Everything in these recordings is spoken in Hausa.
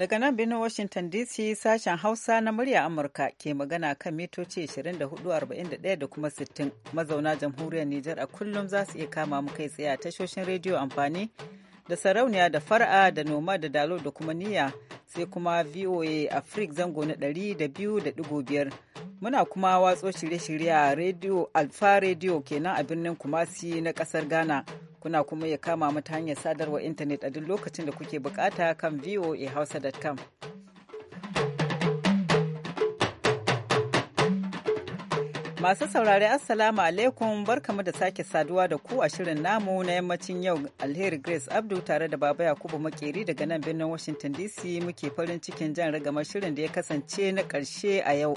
Daga nan birnin Washington DC sashen Hausa na murya Amurka ke magana kan mitoci 24,41 da kuma 60 mazauna jamhuriyar Nijar a kullum za su iya kama mu kai tsaye a tashoshin rediyo amfani da sarauniya da fara da noma da dalo da kuma niyya sai kuma voa afrik zango na ɗari da biyu da ɗigo biyar muna kuma watso shirye-shirye a radio alfa radio kenan a birnin kumasi na kasar ghana kuna kuma ya kama mata hanyar sadarwa intanet a duk lokacin da kuke bukata kan voa hausa.com Masu saurari Assalamu alaikum barkamu da sake saduwa da ku a shirin namu na yammacin yau alheri Grace Abdu tare da Baba Yakubu Makeri daga nan birnin Washington DC muke farin cikin jan ragamar shirin da ya kasance na ƙarshe a yau.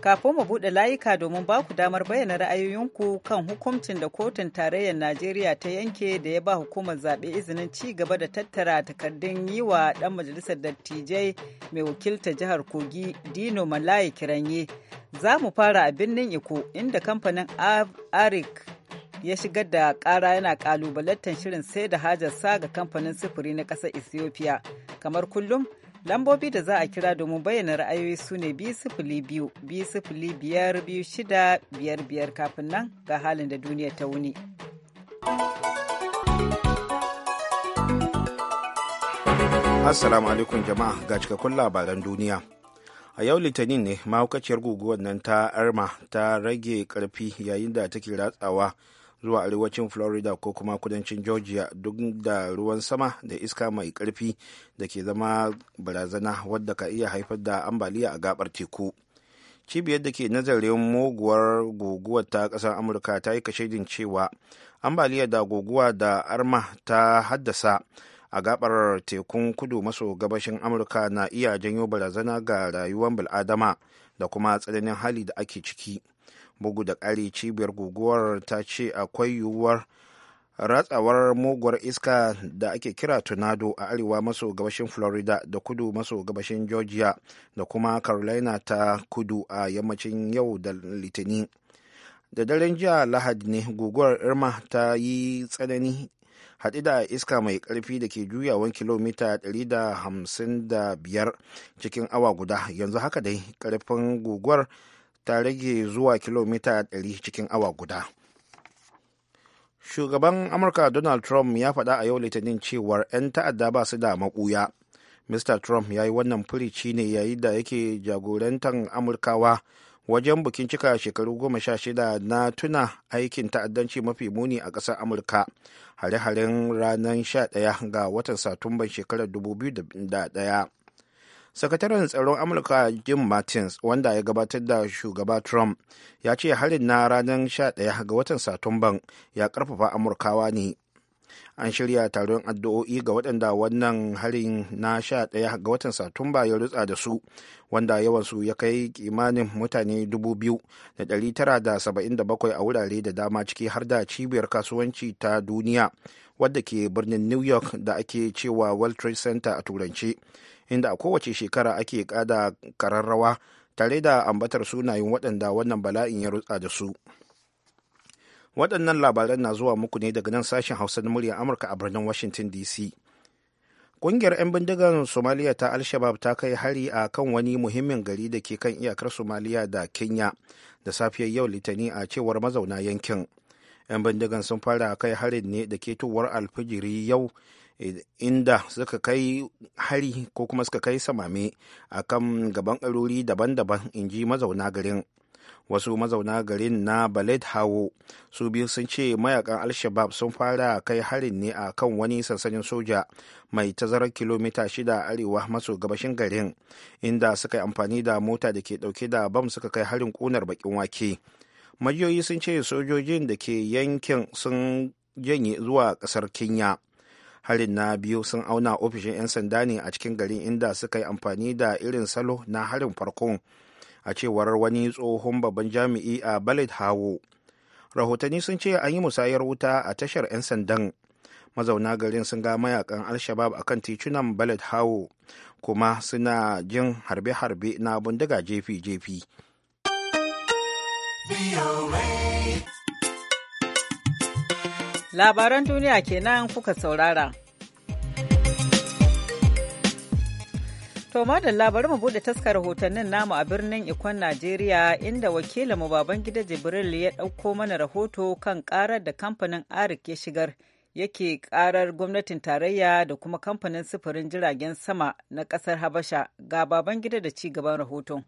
Kafin mu buɗe layuka domin ba ku damar bayyana ra'ayoyinku kan hukuncin da kotun tarayyar Najeriya ta yanke da ya ba hukumar zaɓe izinin ci gaba da tattara takardun yi wa ɗan majalisar dattijai mai wakilta jihar Kogi Dino Malaye Kiranye. Za mu fara a birnin Iko inda kamfanin Arik ya shigar da ƙara yana ƙalubalantar shirin sai da hajarsa ga kamfanin sufuri na ƙasar Ethiopia. Kamar kullum, Lambobi da za a kira domin bayyana ra'ayoyi su ne biyu biyar biyu shida biyar biyar kafin nan ga halin da duniya ta wuni. Assalamu alaikum jama'a ga cikakkun labaran duniya. A yau Litinin ne mahaukaciyar guguwar nan ta Arma ta rage karfi yayin da take ratsawa zuwa arewacin florida ko kuma kudancin georgia duk da ruwan sama da iska mai karfi da ke zama barazana wadda ka iya haifar da ambaliya a gabar teku cibiyar da ke nazarin muguwar guguwar ta kasar amurka ta yi kashedin cewa ambaliya da guguwa da arma ta haddasa a gabar tekun kudu maso gabashin amurka na iya janyo barazana ga rayuwar bil'adama da kuma tsananin hali da ake ciki. bugu da ƙari cibiyar guguwar ta ce akwai yiwuwar ratsawar muguwar iska da ake kira tornado a arewa maso gabashin florida da kudu maso gabashin georgia da kuma carolina ta kudu a yammacin yau da litinin da daren jiya lahadi ne guguwar irma ta yi tsanani haɗe da iska mai ƙarfi da ke juyawan kilomita 155 cikin awa guda yanzu haka dai ƙarfin guguwar ta rage zuwa kilomita 100 cikin awa guda shugaban amurka donald trump ya faɗa a yau litinin cewar 'yan ta'adda ba su da maƙuya. mr trump ya yi wannan firici ne yayin da yake jagorantar amurkawa wajen bikin cika shekaru goma sha shida na tuna aikin ta'addanci mafi muni a ƙasar amurka hare-haren ranar sha ɗaya ga watan satumban shekarar 2001 sakataren tsaron amurka jim martins wanda ya gabatar da shugaba trump ya ce harin na ranar 11 ga watan satumban ya karfafa amurkawa ne an shirya taron addu'o'i ga waɗanda wannan harin na 11 ga watan satumba ya rutsa da su wanda yawansu ya kai kimanin mutane 2,977 a wurare da dama ciki har da cibiyar kasuwanci ta duniya wadda ke birnin new york da ake cewa world trade center a turance. inda a kowace shekara ake kada kararrawa tare da ambatar sunayen waɗanda wannan bala'in ya rutsa da su waɗannan labaran na zuwa muku ne daga nan sashen hausa na muryar amurka a birnin washington dc ƙungiyar 'yan bindigar somaliya ta alshabab ta kai hari a kan wani muhimmin gari da ke kan iyakar somaliya da kenya da safiyar yau litani a cewar mazauna yankin 'yan bindigan sun fara kai harin ne da ketowar alfijiri yau inda suka kai hari ko kuma suka kai samame a kan gaban ƙarori daban-daban in ji mazauna garin wasu mazauna garin na balad hawo su biyu sun ce mayakan al-shabab sun fara kai harin ne a kan wani sansanin soja mai tazarar kilomita shida arewa maso gabashin garin inda suka yi amfani da mota da ke dauke da bam suka kai harin kunar bakin wake majiyoyi sun ce sojojin da ke yankin sun janye zuwa kasar kenya harin na biyu sun auna ofishin 'yan sanda ne a cikin garin inda suka yi amfani da irin salo na harin farkon a cewar wani tsohon babban jami'i a balad hawo rahotanni sun ce an yi musayar wuta a tashar 'yan sandan mazauna garin sun ga mayakan alshabab a kan titunan balad hawo kuma suna jin harbe-harbe na bindiga jefi-jefi. Labaran duniya kenan kuka saurara. To madalla labarin mu bude taskar rahotannin namu a birnin Ikon Najeriya inda wakilinmu baban gida Jibril ya ɗauko mana rahoto kan karar da kamfanin Arik ya shigar yake karar gwamnatin tarayya da kuma kamfanin sufurin jiragen sama na ƙasar Habasha ga baban gida da ci gaban rahoton.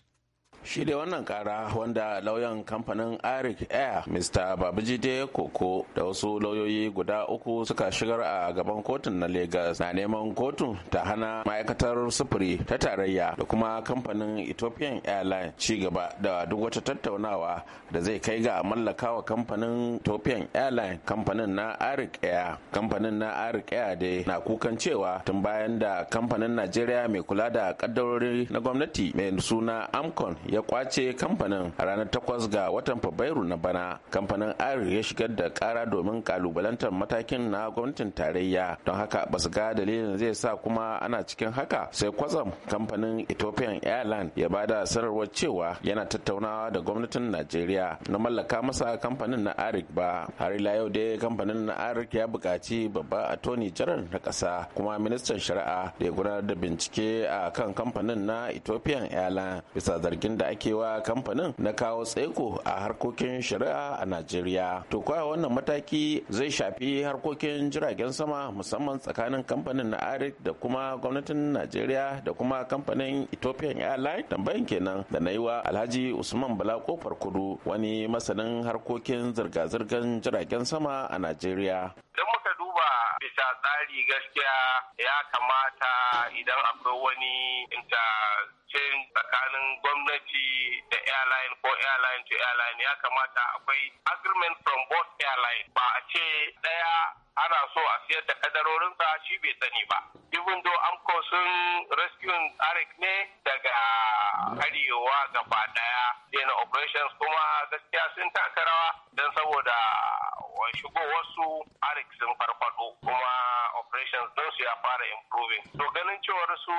shi dai wannan kara wanda lauyan kamfanin arik air mr babajide koko da wasu lauyoyi guda uku suka shigar a gaban kotun na lagos na neman kotun ta hana ma'aikatar sufuri ta tarayya da kuma kamfanin ethiopian airlines ci gaba da duk wata tattaunawa da zai kai ga mallakawa kamfanin ethiopian airlines kamfanin na arik air kamfanin na arik air dai na kukan cewa tun bayan da kamfanin najeriya mai kula da kaddarori na gwamnati mai suna amcon ya kwace kamfanin a ranar takwas ga watan Fabrairu na bana. Kamfanin Ari ya shigar da kara domin kalubalantar matakin na gwamnatin tarayya don haka ba su ga dalilin zai sa kuma ana cikin haka sai kwazam kamfanin Ethiopian Airlines ya bada sanarwar cewa yana tattaunawa da gwamnatin Najeriya na mallaka masa kamfanin na Arik ba. Har ila yau dai kamfanin na Arik ya buƙaci babba a tony general na ƙasa kuma ministan shari'a da ya gudanar da bincike a kan kamfanin na Ethiopian Airlines bisa zargin da ake wa kamfanin na kawo tsaiko a harkokin shari'a a najeriya to kwaya wannan mataki zai shafi harkokin jiragen sama musamman tsakanin kamfanin na arik da kuma gwamnatin najeriya da kuma kamfanin ethiopian airlines tambayin kenan da na yi wa alhaji usman bala kofar kudu wani masanin harkokin zirga-zirgar jiragen sama a najeriya bisa tsari gaskiya ya kamata idan akwai wani inter exchange tsakanin gwamnati da airline ko airline to airline ya kamata akwai agreement from both airline ba a ce daya ana so a siyar da kadarorinsa shi bai sani ba even though amco sun rescue arik ne daga arewa gaba daya daina operations kuma gaskiya sun taka rawa don saboda shigo wasu arik sun farfado kuma operations don su ya fara improving to ganin cewar su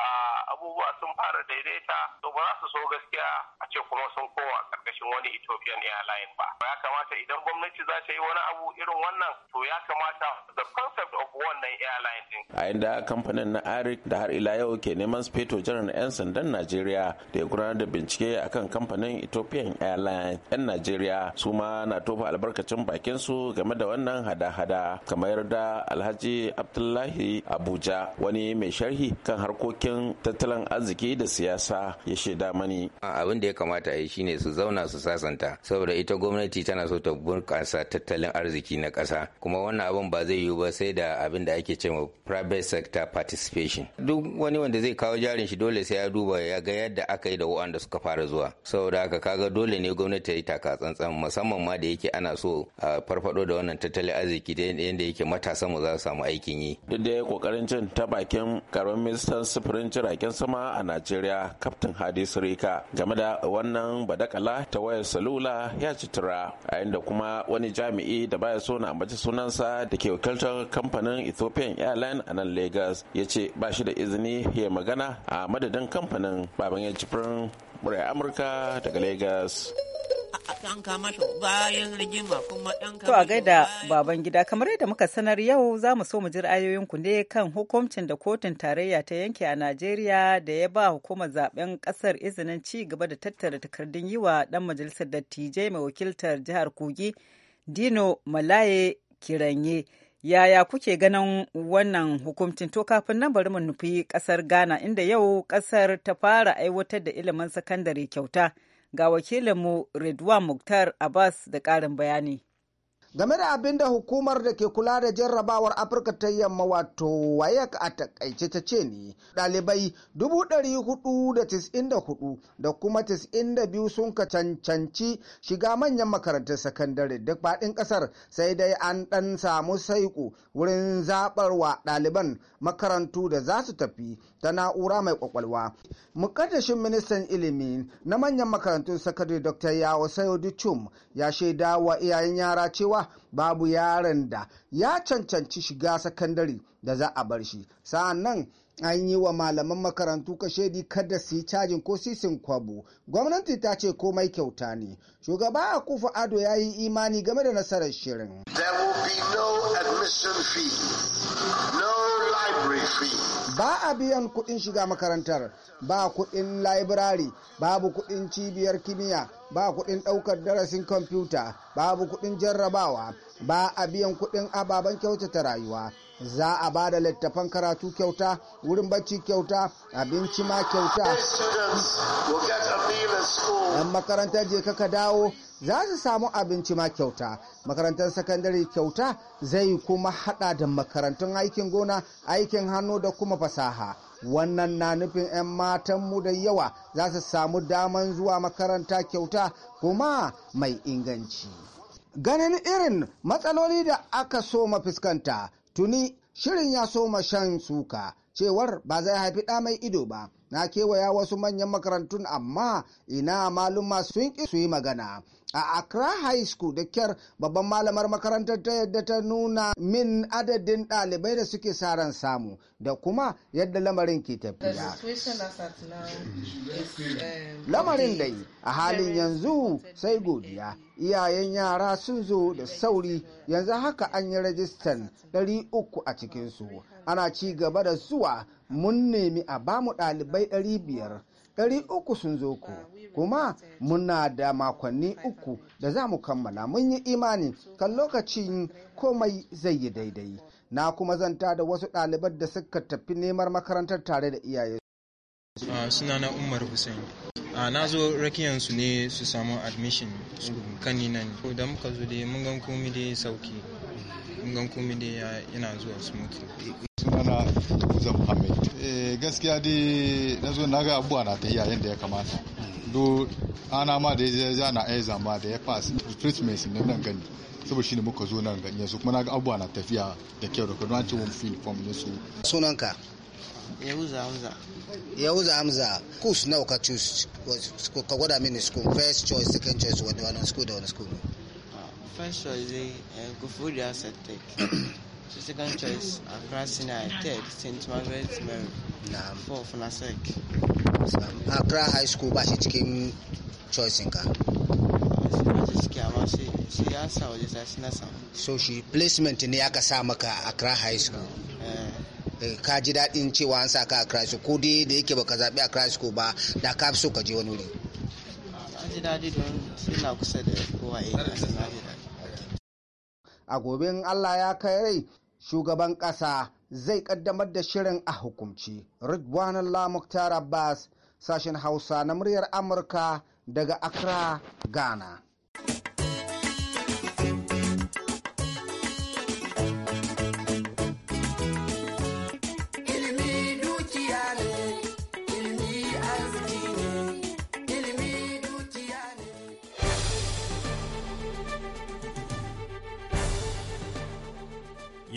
ah, abubuwa sun fara fara daidaita to ba za su so gaskiya a ce kuma sun kowa karkashin wani Ethiopian airline ba ya kamata idan gwamnati za ta yi wani abu irin wannan to ya kamata the concept of wannan airline din a inda kamfanin na Arik da har ila yau ke neman speto jiran 'yan sandan Najeriya da ya gudanar da bincike akan kamfanin Ethiopian airline 'yan Najeriya su ma na tofa albarkacin bakin su game da wannan hada-hada kamar da Alhaji Abdullahi Abuja wani mai sharhi kan harkokin tattalin arziki da siyasa ya shaida mani abin da ya kamata a yi shine su zauna su sasanta saboda ita gwamnati tana so ta bunƙasa tattalin arziki na ƙasa kuma wannan abin ba zai yiwu ba sai da abin da ake cewa private sector participation duk wani wanda zai kawo jarin shi dole sai ya duba ya ga yadda aka yi da waɗanda suka fara zuwa saboda haka kaga dole ne gwamnati ta yi taka tsantsan musamman ma da yake ana so a farfado da wannan tattalin arziki da yadda yake matasa mu za su samu aikin yi duk da ya kokarin cin ta bakin karamin ministan sufurin jiragen sama a Najeriya najeriya kaftin hadi sirika game da wannan badakala ta wayar salula ya citira a inda kuma wani jami'i da baya so na ambaci sunansa da ke wakiltar kamfanin ethiopian Airlines a nan lagos ya ce ba shi da izini ya magana a madadin kamfanin baban ya murai amurka daga lagos To a gaida baban gida kamar yadda muka sanar yau za mu so mu ji ra'ayoyin ku ne kan hukuncin da kotun tarayya ta yanke a Najeriya da ya ba hukumar zaben kasar izinin ci gaba da tattara takardun yi wa dan majalisar dattijai mai wakiltar jihar Kogi Dino Malaye Kiranye. yaya kuke ganin wannan hukuncin to kafin nan bari mu nufi kasar ghana inda yau kasar ta fara aiwatar da ilimin sakandare kyauta Ga wakilinmu Redwan Muktar Abbas da ƙarin bayani. game da abin da hukumar da ke kula da jarrabawar afirka ta yamma wato wayak a takaice ta ce ne ɗalibai 494 da kuma 92 sun ka cancanci shiga manyan makarantar sakandare duk faɗin ƙasar sai dai an ɗan samu saiku wurin zaɓarwa ɗaliban makarantu da za su tafi ta na'ura mai ƙwaƙwalwa. mukaddashin ministan ilimi na manyan makarantun sakandare dr yawo sayo Dichum ya shaidawa wa iyayen yara cewa kuwa babu yaron da ya cancanci shiga sakandare da za a bar shi sa'annan an yi wa malaman makarantu kashedi kada su yi cajin ko sisin kwabo gwamnati ta ce komai kyauta ne shugaba a kufa ado ya yi imani game da nasarar shirin ba a biyan kuɗin shiga makarantar ba kuɗin laibirari babu kuɗin cibiyar kimiyya ba kuɗin ɗaukar darasin kwamfuta babu kuɗin jarrabawa ba a biyan kuɗin ababen kyautata rayuwa za a ba da littafan karatu kyauta wurin bacci kyauta abinci ma kyauta yan makarantar je kaka dawo za su samu abinci ma kyauta makarantar sakandare kyauta zai kuma hada da makarantun aikin gona aikin hannu da kuma fasaha wannan na nufin 'yan matanmu da yawa za su samu daman zuwa makaranta kyauta kuma mai inganci ganin irin matsaloli da aka so fuskanta tuni shirin ya so shan suka cewar ba zai haifi ɗa mai ido ba na kewaya wasu manyan makarantun amma ina maluma sun ƙi su yi magana a accra high school da kyar babban malamar makarantar ta yadda ta nuna min adadin ɗalibai da suke sa ran samu da kuma yadda lamarin ke tafiya um, lamarin dai a halin yanzu sai godiya iyayen yara sun zo da sauri yanzu haka an yi rajistan 300 a cikinsu ana ci gaba da zuwa mun nemi a bamu ɗalibai 500 ɗari uku sun zo ku kuma muna da makonni uku da za mu kammala mun yi imani kan lokacin komai zai yi daidai na kuma zanta da wasu ɗaliban da suka tafi neman makarantar tare da iyaye ah, sunana umar hussein a ah, na zo rakiyan su ne su samu admission kan nan ko da muka zo dai mun gan komi dai sauki mun gan komi dai yana zuwa su mutu sunana zan hamid eh, gaskiya dai na zo na ga abuwa na ta yayin da ya kamata do ana ma da ya ja na aiza ma da ya pass treatment ne nan gani saboda shine muka zo nan gani yanzu kuma na ga abuwa na tafiya da kyau da kuma an ce wani film form ne su sunanka Yahuza Hamza. Yahuza kus nawa ka choose? Ka gwada mini school, first choice, second choice, wani wani school da wani school. First choice Kufu, Kufuri Asset Tech. So second choice Accra Sinai, third St. Margaret Mary. Na'am. Fourth Nasek. Accra High School ba shi cikin choice ka. So shi placement ne aka sa maka Accra High School. Eh, ka ji daɗin cewa an sa ka a Christ ko dai da yake baka zaɓi a Christ ko ba da ka fi so ka je wani wuri. a gobe Allah ya kai rai shugaban ƙasa zai ƙaddamar da shirin a hukumci Ridwanullah Lamuktar Abbas sashen Hausa na muryar Amurka daga Accra, Ghana.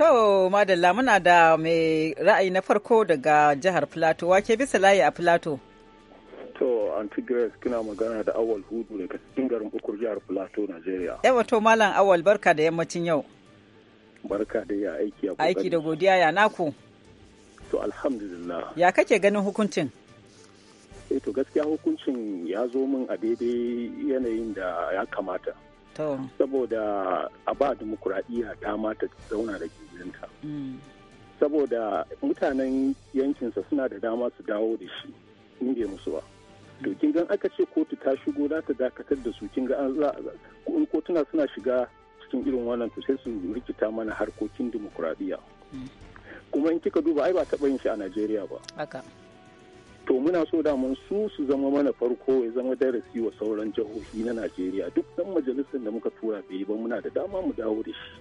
To, Madalla muna da mai ra'ayi na farko daga jihar Filato, wake bisa layi a Filato. To, Aunty Grace kina magana da Awal Hudu daga cikin garin ukur jihar Filato, Najeriya. Yawa to, Malam Awal, barka da yammacin yau. Barka da ya aiki a Aiki da godiya ya naku. To, alhamdulillah. Ya kake ganin hukuncin? Eh to, gaskiya hukuncin ya zo min a daidai yanayin da ya kamata. saboda a ba demokuraɗiyya dama ta zauna da gidanta mm. saboda mutanen yankinsa suna da dama su dawo da shi in bai musu ba to kin gan aka ce kotu ta shigo za ta dakatar da su kin ga an za in kotuna suna shiga cikin irin wannan to sai su rikita mana harkokin demokuraɗiyya mm. kuma in kika duba ai ba taɓa yin shi a najeriya ba to muna so da mun su su zama mana farko ya zama darasi wa sauran jihohi na najeriya duk dan majalisar da muka tura bai ba muna da dama mu dawo da shi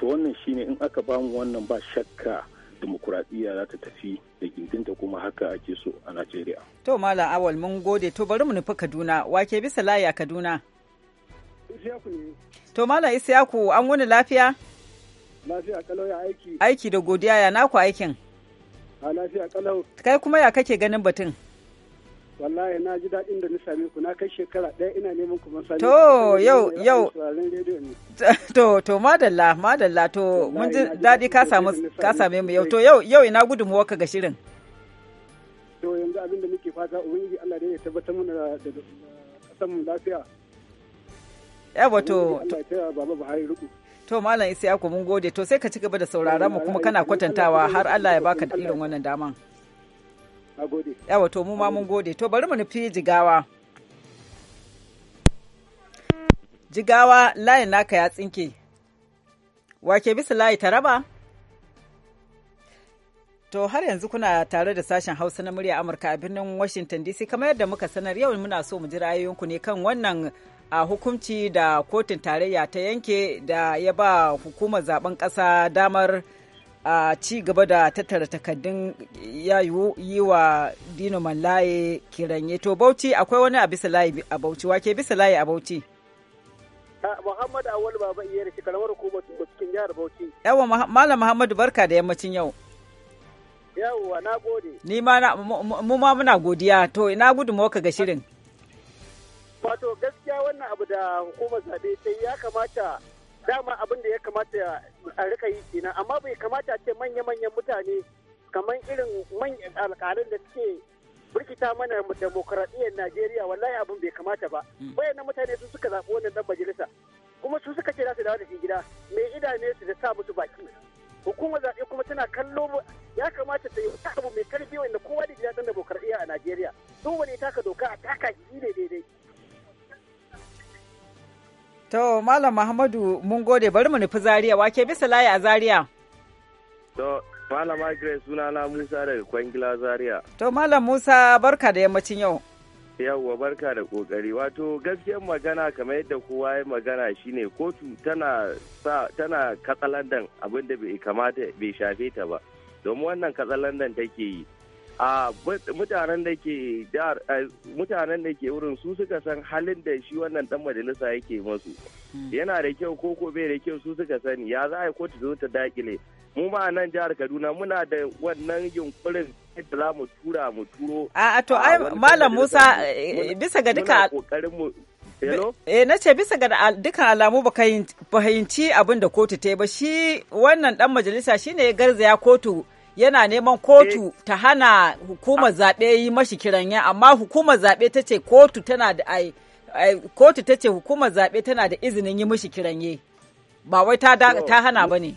to wannan shine in aka ba mu wannan ba shakka demokuraɗiyya za ta tafi da gindinta kuma haka ake so a Najeriya. To Malam Awal mun gode to bari mu nufi Kaduna wake bisa layi a Kaduna. To Malam Isiyaku an wani lafiya? Lafiya kalau ya aiki. Aiki da godiya ya naku aikin. A lafiya kalau. Kai kuma ya kake ganin batun? Wallahi na ji daɗin da na same ku na kai shekara ɗaya ina neman ku ban To yau yau. To to madalla madalla to mun ji daɗi ka samu ka same mu yau to yau yau ina gudunmuwar ka ga shirin. To yanzu abin da muke fata ubangiji Allah dai ya tabbatar mana da kasan mu lafiya. Yawa to. baba Buhari riko. To Malam Isiyaku mun gode to sai ka ci gaba da sauraron mu kuma kana kwatantawa har Allah ya baka da irin wannan daman. Yawa to mu ma mun gode to bari mu nufi jigawa. Jigawa layin naka ya tsinke. Wake bisa layi ta raba? To har yanzu kuna tare da sashen Hausa na murya Amurka a birnin Washington DC kamar yadda muka sanar yau muna so mu ji ra'ayoyinku ne kan wannan a hukunci da kotun tarayya ta yanke da ya ba hukumar zaben ƙasa damar a ci gaba da tattara takaddun ya yi wa dino mallaye kiranye eh, to bauchi akwai wani a bisa layi a bauchi wake bisa layi a bauchi Muhammad Awal Baba Iyere shi karamar hukumar cikin jihar Bauchi. Yawa Malam Muhammadu barka da yammacin yau. Yawwa na gode. Ni ma mu ma muna godiya to ina gudu ka ga shirin. Wato gaskiya wannan abu da hukumar zabe sai ya kamata dama abin da ya kamata a rika yi kenan amma bai kamata ce manya-manyan mutane kamar irin manyan alƙalin da suke birkita mana demokuraɗiyyar Najeriya wallahi abin bai kamata ba. Hmm. Wayannan mutane su suka zaɓi wannan ɗan majalisa kuma su suka ce za su dawo da shi gida mai idane su da sa musu baki. Hukumar zaɓe kuma tana kallo ya kamata ta yi wata abu mai karfi wanda kowa da gida ɗan demokuraɗiyya a Najeriya. Duk wani ta To Malam Muhammadu mun gode bari mu nufi Zaria wake bisa layi a Zaria. To Malam Grace suna na Musa daga Kwangila Zaria. To Malam Musa barka da yammacin yau. Yawwa barka da kokari wato gaskiyar magana kamar yadda kowa ya magana shine kotu tana tana katsalandan abinda da bai kamata bai shafe ta ba. Domin wannan katsalandan take yi a mutanen da ke mutanen da ke wurin su suka san halin da shi wannan dan majalisa yake masu hmm. yana da kyau ko ko bai da kyau su suka sani ya za a yi kotu zo ta dakile mu ma nan jihar Kaduna muna da wannan yunkurin yadda za mu tura mu turo a to ai malam Musa eh, bisa ga duka Eh na ce bisa ga dukkan alamu ba fahimci abin da kotu ta yi ba shi wannan dan majalisa shine ya garzaya kotu yana neman kotu ta hana hukumar zaɓe yi mashi kiran ya amma hukumar zaɓe ta ce kotu tana da ai kotu ta ce hukumar zaɓe tana da izinin yi mashi kiranye ba wai ta hana ba ne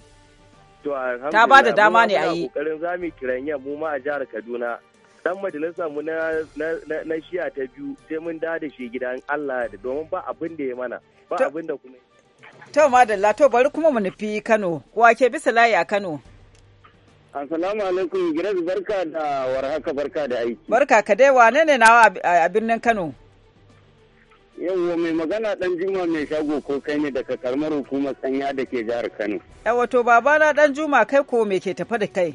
ta ba da dama ne a yi kokarin za mu mu ma a jihar Kaduna dan majalisa mu na na shiya ta biyu sai mun da da shi gidan Allah da domin ba abin da ya mana ba abin da kuma to madalla to bari kuma mu nufi Kano wake bisa layi a Kano Assalamu alaikum Giras barka da warhaka barka da aiki. Barka ka dai wane ne nawa a birnin Kano? Yawwa mai magana dan Juma mai shago ko kai ne daga karamar hukumar sanya da ke jihar Kano. Yawwa to babana dan Juma kai ko me ke tafa da kai?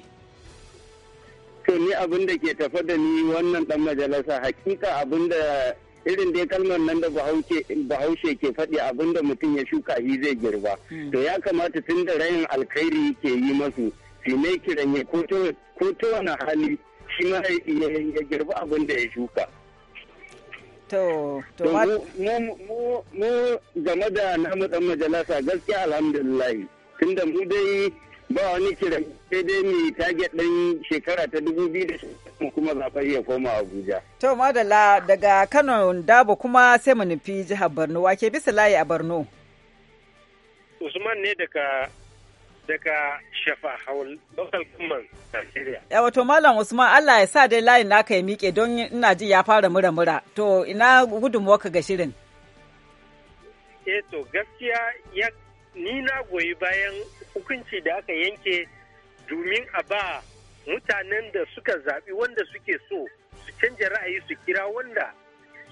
To ni abin da ke tafa da ni wannan dan majalisa hakika abin da irin dai kalmar nan da bahaushe ke faɗi abin da mutum ya shuka shi zai girba hmm. to ya kamata tun da rayin alkhairi ke yi masu su mai kiran ya ko ta wani hali shi ma ya girba abin da ya shuka. Mu game da namu dan majalasa gaskiya alhamdulillah tunda mu dai ba wani kiran sai dai mai target ɗin shekara ta dubu biyu da kuma zaɓar ya koma Abuja. To, Madala daga Kano Dabo kuma sai mu nufi jihar Borno wake bisa layi a Borno. Usman ne daga daga shafa hawan local government Nigeria. Ya wato Malam Usman Allah ya sa dai layin naka ya miƙe don ina ji ya fara mura-mura. To ina gudunmuwarka ga shirin? Eh to gaskiya ya ni na goyi bayan hukunci da aka yanke domin a ba mutanen da suka zaɓi wanda suke so su canja ra'ayi su kira wanda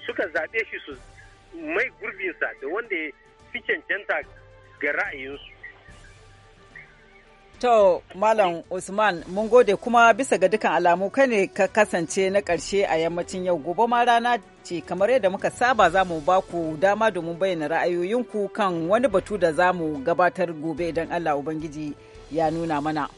suka zaɓe shi su mai gurbinsa da wanda ya fi cancanta ga ra'ayinsu. To, Malam Usman, mun gode kuma bisa ga dukan alamu kai ne ka kasance na ƙarshe a yammacin yau gobe ma rana ce kamar yadda muka saba za mu ba ku dama domin bayyana ra'ayoyinku kan wani batu da za mu gabatar gobe idan Allah Ubangiji ya nuna mana.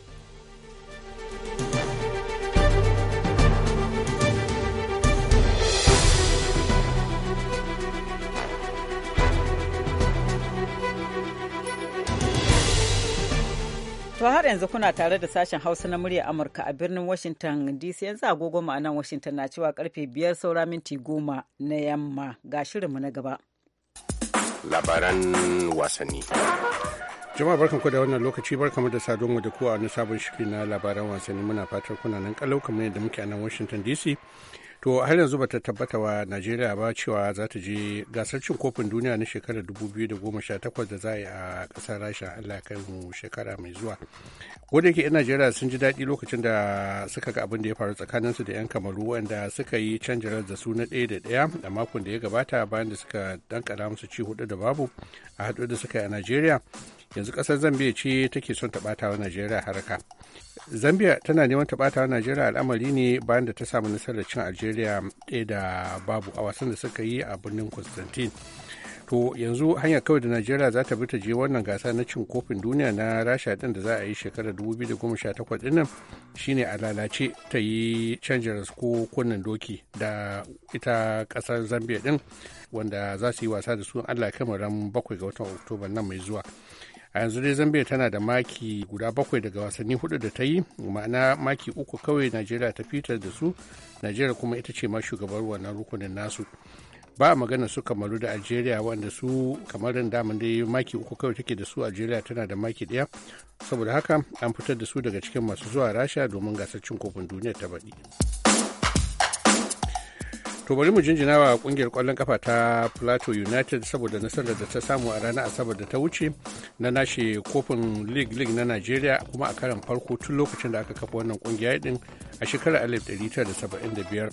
To har yanzu kuna tare da sashen Hausa na murya Amurka a birnin Washington DC yanzu agogo ma'anan Washington na cewa karfe biyar saura minti goma na yamma ga shirinmu na gaba. Labaran wasanni. Jama'a barkan ku da wannan lokaci barkamu da mu da ku na sabon shiri na labaran wasanni muna fatan kuna nan kalau kamar yadda muke a nan Washington DC. to har yanzu bata tabbata wa najeriya ba cewa za ta je gasar cin kofin duniya na shekarar 2018 da za a yi a kasar rasha allah kai mu shekara mai zuwa wanda yake yan najeriya sun ji daɗi lokacin da suka ga abin da ya faru tsakaninsu da yan kamaru wanda suka yi canjarar da su na ɗaya da ɗaya a makon da ya gabata bayan da suka dankara musu ci hudu da babu a haɗu da suka yi a najeriya yanzu kasar zambia ce take son ta wa najeriya haraka zambia tana neman ta wa najeriya al'amari ne bayan da ta samu nasarar cin algeria ɗaya da babu a wasan da suka yi a birnin constantine to yanzu hanya kawai da najeriya za ta bi ta je wannan gasa na cin kofin duniya na rasha din da za a yi shekarar 2018 nan shine a lalace ta yi canjin ko kunnen doki da ita kasar zambia din wanda za su yi wasa da su allah kamaran bakwai ga watan oktoba nan mai zuwa a yanzu dai zambia tana da maki guda bakwai daga wasanni hudu da ta yi ma'ana maki uku kawai najeriya ta fitar da su najeriya kuma ita ce ma shugabar wannan rukunin nasu ba magana su kamaru da algeria wanda su kamar da dai maki uku kawai take da su algeria tana da maki daya saboda haka an fitar da su daga cikin masu zuwa rasha domin gasar cin kofin duniya ta baɗi. to bari mu jinjina wa kungiyar kwallon kafa ta plateau united saboda nasarar da ta samu a ranar asabar da ta wuce na nashe kofin league league na nigeria kuma a karan farko tun lokacin da aka kafa wannan kungiya din a shekarar 1975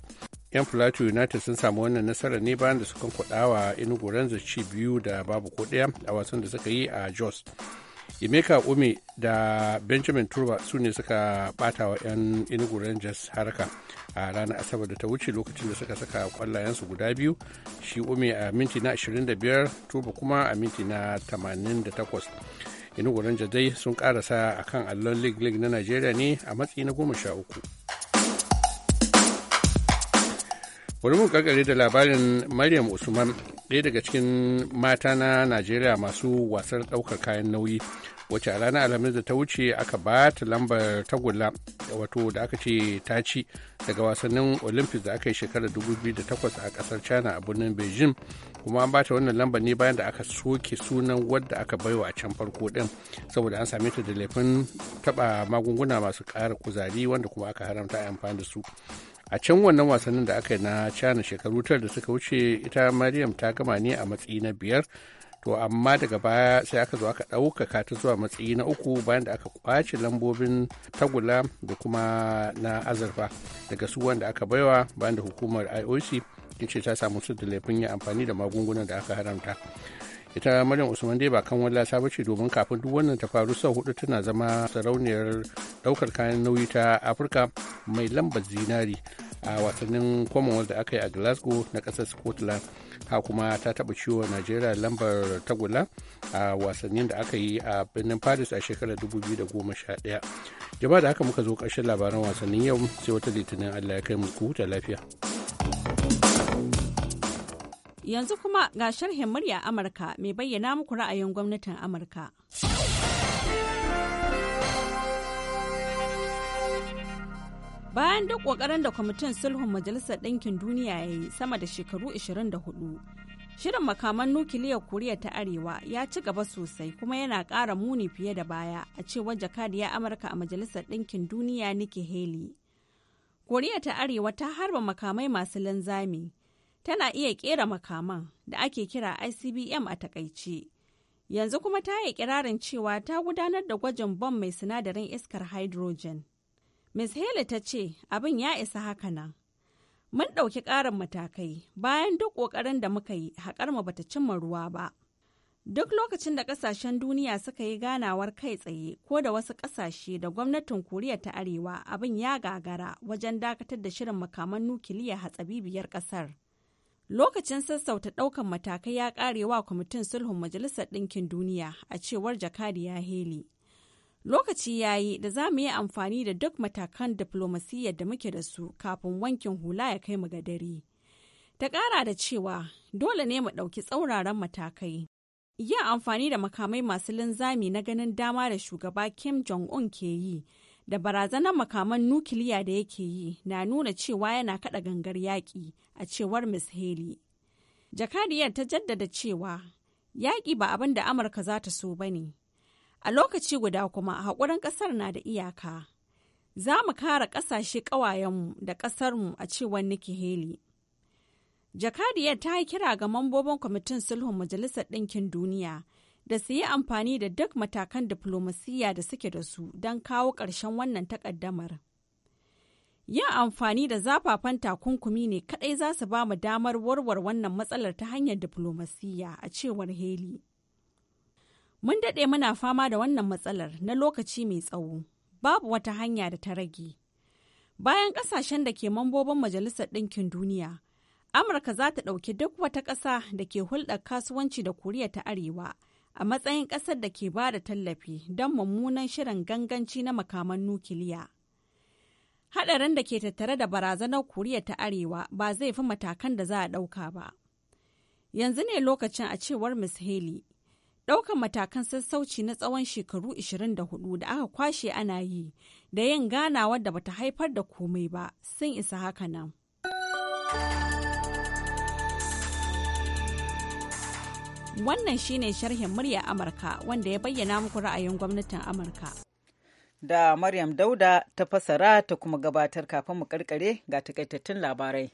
yan plateau united sun samu wannan nasarar ne bayan da suka kwadawa inugu ranza ci biyu da babu ko daya a wasan da suka yi a jos emeka ume da benjamin turba su ne suka bata wa 'yan inugu rangers haraka a ranar asabar da ta wuce lokacin da suka saka kwallayensu guda biyu shi ume a minti na 25 tuba kuma a minti na 88 inu dai sun karasa a kan allon league league na najeriya ne a matsayi na goma sha uku wani mun kakare da labarin maryam usman ɗaya daga cikin mata na najeriya masu wasan ɗaukar kayan nauyi wace a ranar alhamis da ta wuce aka ba ta lambar tagulla wato da aka ce ta ci daga wasannin olympics da aka yi shekarar 2008 a kasar china a birnin beijing kuma an ba ta wannan lambar ne bayan da aka soke sunan wadda aka baiwa a can farko din saboda an same ta da laifin taba magunguna masu ƙara kuzari wanda kuma aka haramta a amfani da su a can wannan wasannin da aka yi na china shekaru tar da suka wuce ita maryam ta gama ne a matsayi na biyar to amma daga baya sai aka zo aka ɗaukaka ta zuwa matsayi na uku bayan da aka kwace lambobin tagula da kuma na azurfa daga su wanda aka baiwa bayan da hukumar ioc ta ce ta samu su da laifin yin amfani da magungunan da aka haramta ita maryam usman dai ba kan wallasa ba ce domin kafin duk wannan ta faru sau hudu tana zama sarauniyar daukar kayan nauyi ta afirka mai lambar zinari a wasannin commonwealth da aka yi a glasgow na kasar scotland ha kuma ta taɓa ciwo najeriya lambar tagula a wasannin da aka yi a birnin paris a shekarar 2011 jama'a da haka muka zo ƙarshen labaran wasannin yau sai wata litinin allah ya kai mu huta lafiya. Yanzu kuma ga sharhin murya Amurka mai bayyana muku ra'ayin gwamnatin Amurka. Bayan duk ƙoƙarin da kwamitin sulhun Majalisar Ɗinkin Duniya ya yi sama da shekaru 24, shirin makaman nukiliyar Koriya ta Arewa ya ci gaba sosai kuma yana ƙara muni fiye da baya a cewar jakadiyar Amurka a Majalisar Ɗinkin Duniya Nikki Haley. Koriya ta Arewa ta harba makamai masu linzami tana iya kera makaman da ake kira ICBM a takaice. Yanzu kuma ta yi kirarin cewa ta gudanar da gwajin bom mai sinadarin iskar hydrogen. Ms. Haley ta ce abin ya isa haka nan. Mun ɗauki ƙarin matakai bayan duk ƙoƙarin da muka yi haƙar mu bata cimma ruwa ba. Duk lokacin da ƙasashen duniya suka yi ganawar kai tsaye ko da wasu ƙasashe da gwamnatin Koriya ta Arewa abin ya gagara wajen dakatar da shirin makaman nukiliya hatsabibiyar ƙasar. Lokacin sassauta ɗaukan matakai ya ƙare wa kwamitin sulhun Majalisar Ɗinkin Duniya a cewar Jakadi ya Haley. Lokaci ya yi da za mu yi amfani da duk matakan diplomasiyyar da muke da su kafin wankin hula ya kai mu ga dare. Ta ƙara da cewa dole ne mu ɗauki tsauraran matakai. Yin amfani da makamai masu linzami na ganin dama da shugaba Kim Jong-un ke yi da barazanar makaman nukiliya da yake yi na nuna cewa yana kada gangar yaƙi a cewar Miss Haley. Jakadiyar ta jaddada cewa yaƙi ba abin da Amurka za ta so ba ne. A lokaci guda kuma a haƙurin ƙasar na da iyaka. Za mu kare ƙasashe ƙawayenmu da ƙasarmu a cewar Nikki Haley. Jakadiyar ta yi kira ga mambobin kwamitin sulhun Majalisar Ɗinkin Duniya da su yi amfani da duk matakan diflomasiyya da suke da su don kawo ƙarshen wannan takaddamar. Yin amfani da zafafan takunkumi ne kaɗai za su ba mu damar warware wannan matsalar ta hanyar diflomasiyya a cewar Haley. Mun daɗe muna fama da wannan matsalar na lokaci mai tsawo, babu wata hanya da ta rage. Bayan ƙasashen da ke mambobin Majalisar Ɗinkin Duniya, Amurka za ta ɗauki duk wata ƙasa da ke hulɗar kasuwanci da Koriya ta Arewa. a matsayin ƙasar da ke ba da tallafi don mummunan shirin ganganci na makaman nukiliya. Haɗarin da ke tattare da barazanar Koriya ta Arewa ba zai fi matakan da za a ɗauka ba. Yanzu ne lokacin a cewar Miss Haley, ɗaukan matakan sassauci na tsawon shekaru 24 da aka kwashe ana yi da yin ganawa da bata haifar da komai ba sun isa haka nan. Wannan shine sharhin murya Amurka wanda ya bayyana muku ra'ayin gwamnatin Amurka. Da Maryam Dauda ta fasara ta kuma gabatar kafin mu karkare ga takaitattun labarai.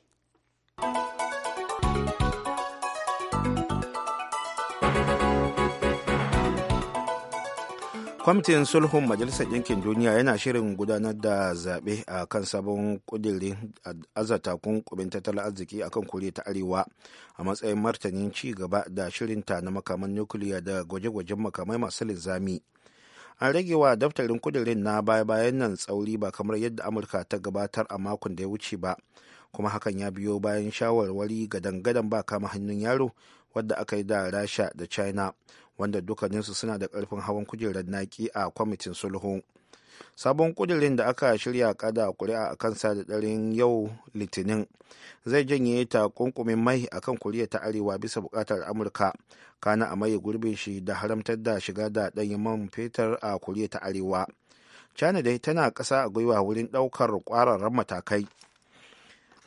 kwamitin sulhun majalisar yankin duniya yana shirin gudanar da zaɓe a kan sabon ƙudirin azata kunkumin tattalin arziki a kan koriya ta arewa a matsayin martanin ci gaba da shirinta na makaman nukiliya da gwaje-gwajen makamai masu linzami an ragewa daftarin kudirin na baya-bayan nan tsauri ba kamar yadda amurka ta gabatar a makon da ya wuce ba kuma hakan ya biyo bayan shawarwari gadan-gadan ba kama hannun yaro wadda aka yi da rasha da china wanda dukkaninsu suna da karfin hawan kujerar naki a kwamitin sulhu sabon kudirin da aka shirya kada kuri'a a sada da yau litinin zai janye ta takunkumin mai a kan kuriya ta arewa bisa bukatar amurka kana a maye gurbin shi da haramtar da shiga da ɗanyen man fetur a kuriya ta arewa china dai tana ƙasa a gwiwa wurin ɗaukar ƙwararren matakai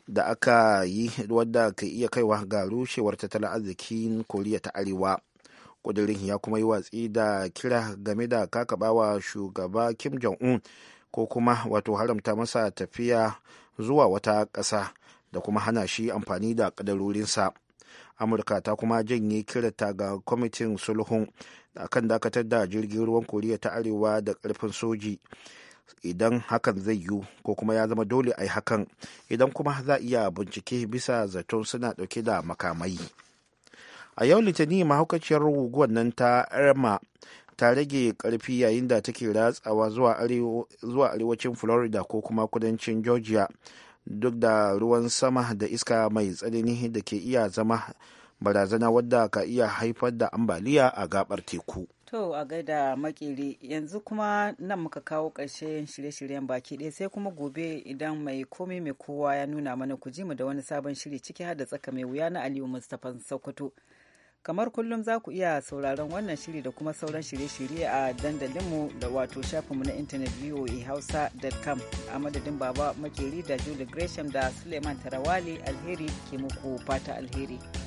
da aka yi wadda ka iya kaiwa ga rushewar tattalin arzikin koriya ta arewa kudirin ya kuma yi watsi da kira game da kakabawa shugaba kim jong-un ko kuma wato haramta masa tafiya zuwa wata ƙasa da kuma hana shi amfani da ƙadarorinsa amurka ta kuma janye kirata ga kwamitin sulhun da kan dakatar da jirgin ruwan koriya ta arewa da ƙarfin soji idan hakan zai yiwu ko kuma ya zama dole a yi hakan idan kuma za a iya bincike bisa zaton suna ɗauke da makamai. a yau litani mahaukaciyar guguwar nan ta irma ta rage karfi yayin da take ratsawa zuwa arewacin florida ko kuma kudancin georgia duk da ruwan sama da iska mai tsanani da ke iya zama barazana wadda ka iya haifar da ambaliya a gabar teku. To a gaida makiri yanzu kuma nan muka kawo ƙarshen shirye-shiryen baki ɗaya sai kuma gobe idan mai komi mai kowa ya nuna mana ku ji mu da wani sabon shiri ciki har da tsaka mai wuya na Aliyu Mustapha Sokoto. kamar kullum za ku iya sauraron wannan shiri da kuma sauran shirye-shirye a dandalinmu da wato shafinmu na intanet voa hausa.com a madadin baba makeri da julie gresham da suleiman tarawali alheri ke muku fata alheri.